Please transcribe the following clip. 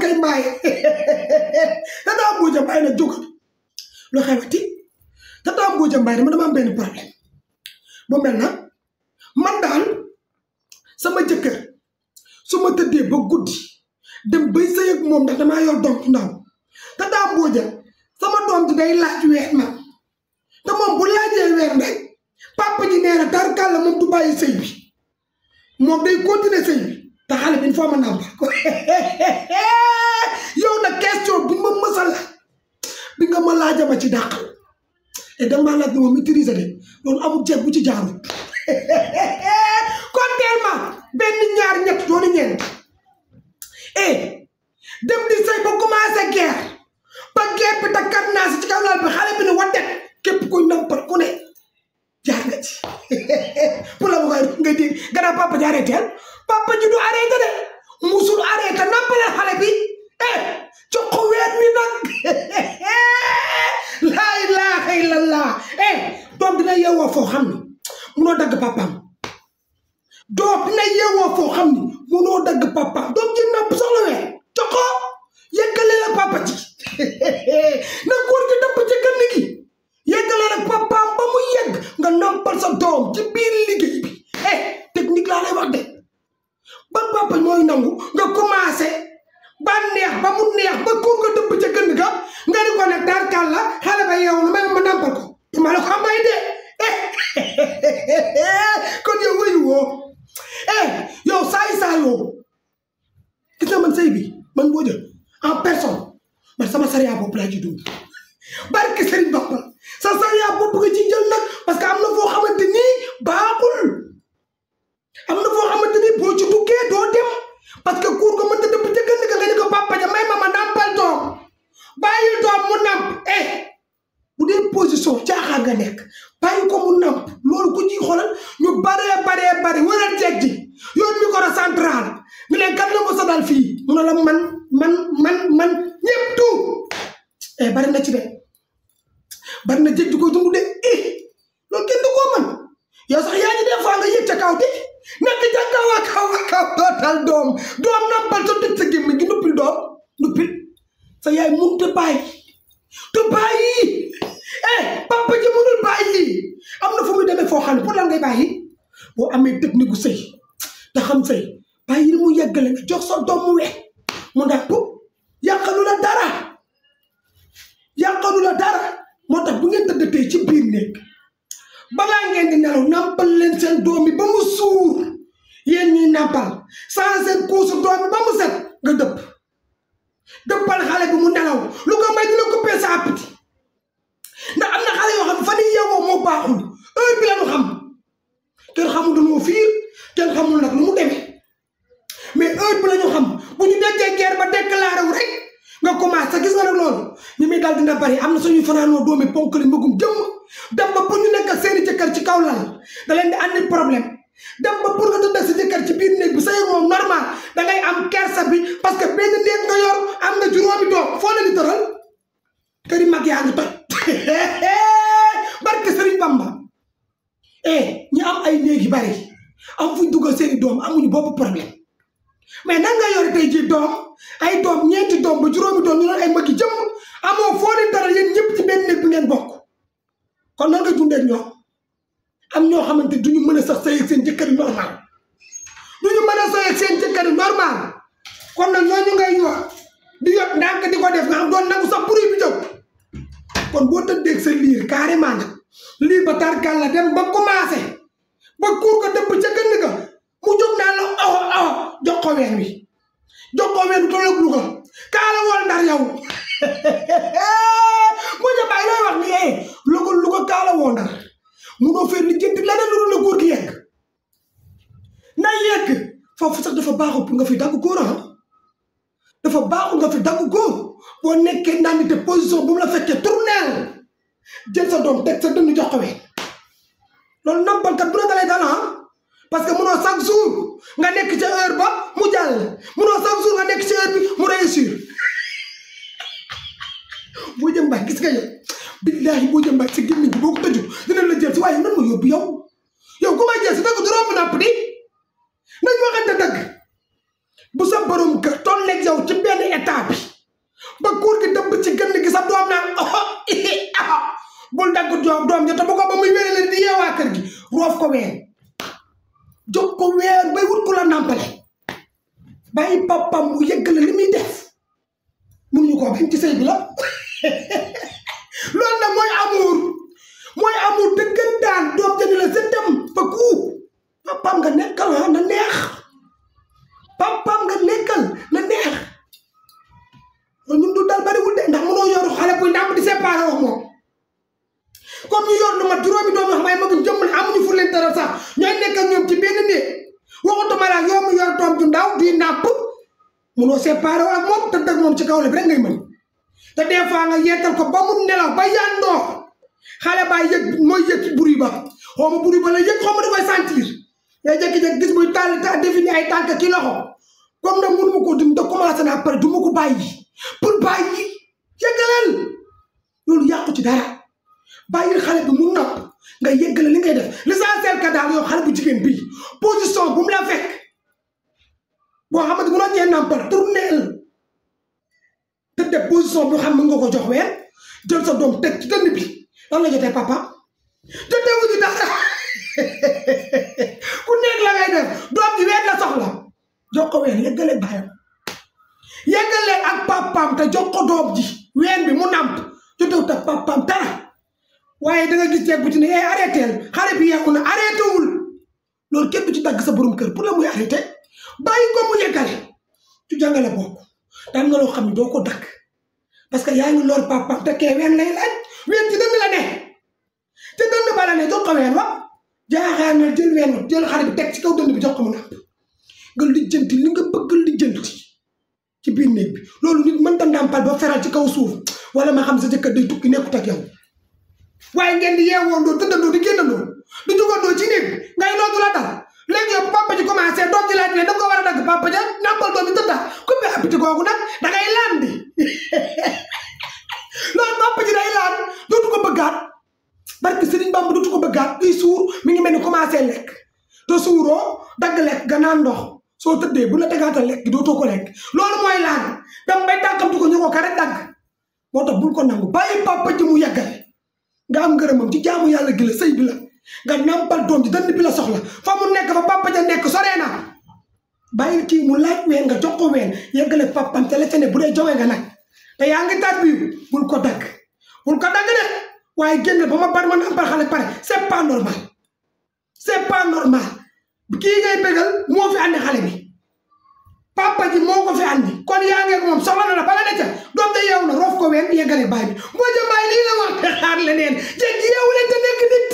kay mbaye tata Mbodia Mbaye na jógal loo xewati tata Mbodia Mbaye dama dama am benn problème mel na man daal sama jëkkër su ma tëddee ba guddi dem bay sëy ak moom ndax damaa yor doom ndaw tata Mbodia sama doom ji day laaj weer ma te moom bu laajee weer ndey papa ji nee na la moom du bàyyi sëy bi moom day continuer sëy bi te xale bi il faut ma nàmpal ko yow nag question bi ma mësal bi nga ma laaj ma ci dàqal et dama laaj ne ma maîtriser de loolu amul ceeb bu ci jaarul kon tellement benn ñaar ñett doonu ñeent et eh, dem di sëy ba commencé guerre ba guerre bi takkat naa ci kaw laal bi xale bi ne watet képp kuy nàmpal ku ne jaar nga ci. pour la mu koy nga dégg gannaaw papa ji arrêté papa ji du arrêté de musul xale bi ba mu neex ba kuur ko dëpp ca gën ga nga di ko ne tarkal la xale ba yeewu na ma nàmpal ko ma ne ko amay de kon yow wéyu woo eh yow saay saayoo gis man sëy bi man boo jël en personne man sama sariya bopp laa ci dund barke Serigne Bamba sa sariya bopp nga ci jël nag nekk ko mu namp loolu ku ci xoolal ñu baree baree bare war a jeeg ji yoon micro central mi ne kan la mos a dal fii mu ne la man man man man ñëpp tuut eh bari na ci de bari na jëg ji koy dund de eh loolu kenn du ko man yow sax yaa ngi a a yaay mun te bàyyi eh papa ji mënul bàyyi am na fu muy demee foo xam ne pour lan ngay bàyyi boo amee technique gu sëy da xam sëy bàyyi mu yeggale jox soo doom mu we mu ndàpp yàqalu la dara yàqalu la dara moo tax bu ngeen tëddatee ci biir néeg balaa ngeen di nelaw nàmpal leen seen doom yi ba mu suur yéen ñuy nàmpal sans seen kuusu doom yi ba mu set nga dëpp dëppal xale bi mu nelaw lu ko may dina coupé sa appétit baaxul heure bi la ñu xam kenn xamul dañoo fiir kenn xamul nag lu mu demee mais heure bi ñu xam bu ñu dencee guerre ba déclaré wu rek nga commencé gis nga nag loolu ñi muy daal dina bari am na suñuy fanaanoo doomi ponk li mbëggum jëmm dem ba pour ñu nekk seeni jëkkër ci kaw lal da leen di andi problème dem ba pour nga tëdd si jëkkër ci biir néeg bi sa moom normal da ngay am kersa bi parce que benn néeg nga am na juróomi doom foo leen doom amuñu bopp problème mais nan nga yore tey ji doom ay doom ñeenti doom ba juróomi doom ñu doon ay magi a amoo foo leen dara yéen ñëpp ci benn néeg bi bokk kon nan nga dundee ñoom am ñoo xamante duñu mën a sax sëy ak seen jëkkër normal duñu mën a sëy ak jëkkër normal kon nag ñooñu ngay yor di yot ndànk di ko def nga xam doon nangu sax bruit bi jóg kon boo tëddeeg sa liir carrément nag lii ba tarkal la dem ba commencé ba kuur ko dëpp ca gënn jokkoo weer wi jokkoo weer wi tolloog Louga kaala woon ndar yow moo ja looy wax ni eh Louga kaala woon ndar munoo fee li jënd leneen lu la góor gi yegg na yegg foofu sax dafa baaxul nga fi dagg góor ah nga fi dagg góor boo nekkee naan te position bu mu la fekkee tourneel jël sa doom teg sa dënn jox ko weer loolu nampal kat bu la dalee dal ah. parce que munoo chaque jour nga nekk ca heure ba mu jàll munoo chaque jour nga nekk ca heure bi mu réussir boo jëm ba gis nga yow billaahi boo jëm baay sa gémmiñ bi boo ko tëju dinañ la si waaye nan ma yóbbu yow yow di nañ waxante ci benn gi dëpp ci gënn gi sa oh, ko ba jóg ko weer bay wut ku la nàmpale bàyyi papam mu la li muy def mënuñu koo bañ ci sëy la loolu nag mooy amour mooy amour dëggantaan doom jënd la sa fa ku papam nga nekkal na neex papam nga nekkal na neex ñun du dal bariwul de ndax mënoo yor xale buy ndàmp di séparé moom comme ñu yor lu ma juróomi doom yoo xam ne ay maguñ jëmm amuñu fu leen dara sax nekk ak ñoom ci benn néeg waxutuma la yow mu yor doom ju ndaw di nàpp munoo séparé ak moom tëdd ak moom ci kaw la bi rek ngay mën te des fois nga yeetal ko ba mu nelaw ba yàndoo xale baa yëg mooy yëg bruit ba xaw ma bruit ba la yëg xaw ma da koy sentir ngay jékki-jékki gis muy tàll ta défini ay tànk ki loxo kom nag mënu ma ko dum da commencé naa pare du ma ko bàyyi pour bàyyi yëgalal loolu yàqu ci dara bàyyil xale bi mu nopp nga yëggale li ngay def l'essentiel que daal yow xale bu jigéen bii position bu mu la fekk boo xamante mënoo cee nàmpal tourneel te de position bu xam ne nga ko jox weer jël sa doom teg ci dënn bi lan la jotee papa jotee wu ñu dara ku nekk la ngay def doom doom ji ween bi mu nàmp jotewut ak papaam dara waaye da nga gis jeeg bu ci ne eh arrêté bi yeeku na arrêté wul loolu kenn ci dagg sa borom kër pour la muy ba bàyyi ko mu yeggale ci jàngale bokk daan nga loo xam ne doo ko dagg parce que yaa ngi lor papaam te kee ween lay laaj ween ci dënn la ne te dënn ba la ne jox ko ween wa jaaxaar jël ween jël ci kaw dënn bi jox ko mu nàpp nga lijjanti li nga bëgg lijjanti ci biir néeg loolu nit mën ta ndàmpal ba feral ci kaw suuf wala ma xam sa jëkkër day tukki nekku ak yow waaye ngeen di yeewoondoo tëddandoo di génnandoo di jugandoo ci néeg ngay dootu la dal léegi yow papa ji commencé doom ji laaj ne da a dagg papa ja nàmpal doom ji tëdda comme habité googu nag da ngay laan di loolu papa ji day laan suur mi ngi mel ni commencé lekk te suuroo dagg lekk nga naan ndox soo tëddee bu la tegaata lekk gi dootoo ko lekk loolu mooy laan dam bay tànkamtu ko ñu ko ka rek moo tax bul ko nangu bàyyi papa ji mu yàggale nga am ngërëmam ci jaamu yàlla gi la sëy bi la nga nàmpal doom ji dënn bi la soxla fa mu nekk fa papa ja nekk soree na bàyyi kii mu laaj ween nga jox ko ween yeggale papam te la bu dee joxe nga nag te yaa ngi taat bi bul ko dagg bul dagg de waaye génn ba ma bar ma nàmpal xale pare c'est pas normal c'est pas normal kii ngay bégal moo fi ànd xale bi papa ji moo ko fi andi kon yaa ngi ak moom soxla na la ba nga ne ca doom de yow na roof ko ween yeggale baay bi boo ja baay lii la wax te xaar leneen jéeg yeewu leen te nekk nit